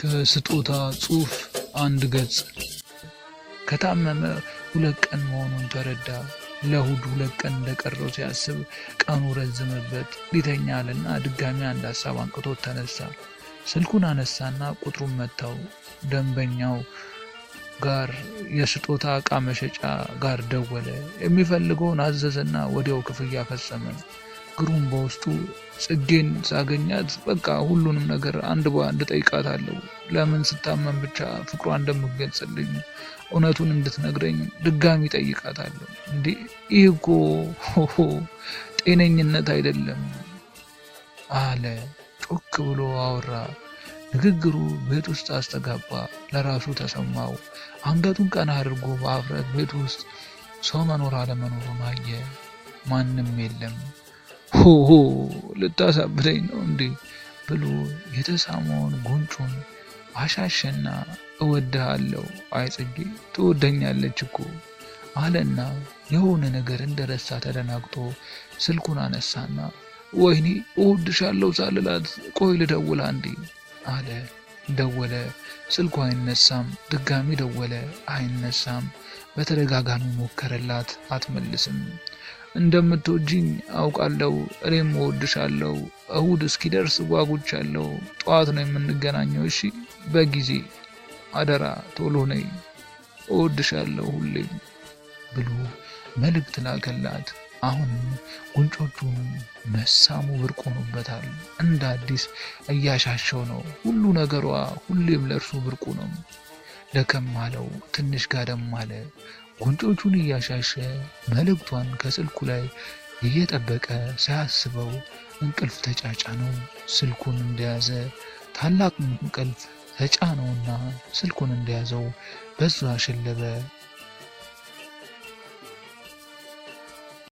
ከስጦታ ጽሑፍ አንድ ገጽ። ከታመመ ሁለት ቀን መሆኑን ተረዳ። ለእሁድ ሁለት ቀን እንደቀረው ሲያስብ ቀኑ ረዘመበት። ሊተኛልና ድጋሚ አንድ ሀሳብ አንቅቶት ተነሳ። ስልኩን አነሳና ቁጥሩን መታው። ደንበኛው ጋር የስጦታ ዕቃ መሸጫ ጋር ደወለ። የሚፈልገውን አዘዘና ወዲያው ክፍያ ፈጸመ። ግሩም በውስጡ ጽጌን ሳገኛት በቃ ሁሉንም ነገር አንድ በአንድ ጠይቃታለሁ። ለምን ስታመን ብቻ ፍቅሯ እንደምገልጽልኝ እውነቱን እንድትነግረኝ ድጋሚ ጠይቃታለሁ። እንዴ ይህ እኮ ጤነኝነት አይደለም አለ። ጮክ ብሎ አወራ። ንግግሩ ቤት ውስጥ አስተጋባ። ለራሱ ተሰማው። አንገቱን ቀና አድርጎ በአፍረት ቤት ውስጥ ሰው መኖር አለመኖሩን አየ። ማንም የለም። ሆሆ ልታሳብደኝ ነው እንዴ ብሎ የተሳመውን ጉንጩን አሻሸና እወድሃለሁ አይጽጌ ትወደኛለች እኮ አለና የሆነ ነገር እንደረሳ ተደናግጦ ስልኩን አነሳና ወይኔ እወድሻለሁ ሳልላት ቆይ ልደውል አንዴ አለ። ደወለ፣ ስልኩ አይነሳም። ድጋሚ ደወለ፣ አይነሳም። በተደጋጋሚ ሞከረላት፣ አትመልስም። እንደምትወጂኝ አውቃለሁ። እኔም እወድሻለሁ። እሁድ እስኪደርስ ጓጉቻለሁ። ጠዋት ነው የምንገናኘው። እሺ፣ በጊዜ አደራ፣ ቶሎ ነይ። እወድሻለሁ ሁሌም ብሎ መልእክት ላከላት። አሁንም ጉንጮቹን መሳሙ ብርቅ ሆኖበታል። እንደ አዲስ እያሻሸው ነው። ሁሉ ነገሯ ሁሌም ለእርሱ ብርቁ ነው። ደከም አለው። ትንሽ ጋደም አለ። ጉንጮቹን እያሻሸ መልእክቷን ከስልኩ ላይ እየጠበቀ ሳያስበው እንቅልፍ ተጫጫ ነው። ስልኩን እንደያዘ ታላቅ እንቅልፍ ተጫነውና ስልኩን እንደያዘው በዛ ሸለበ።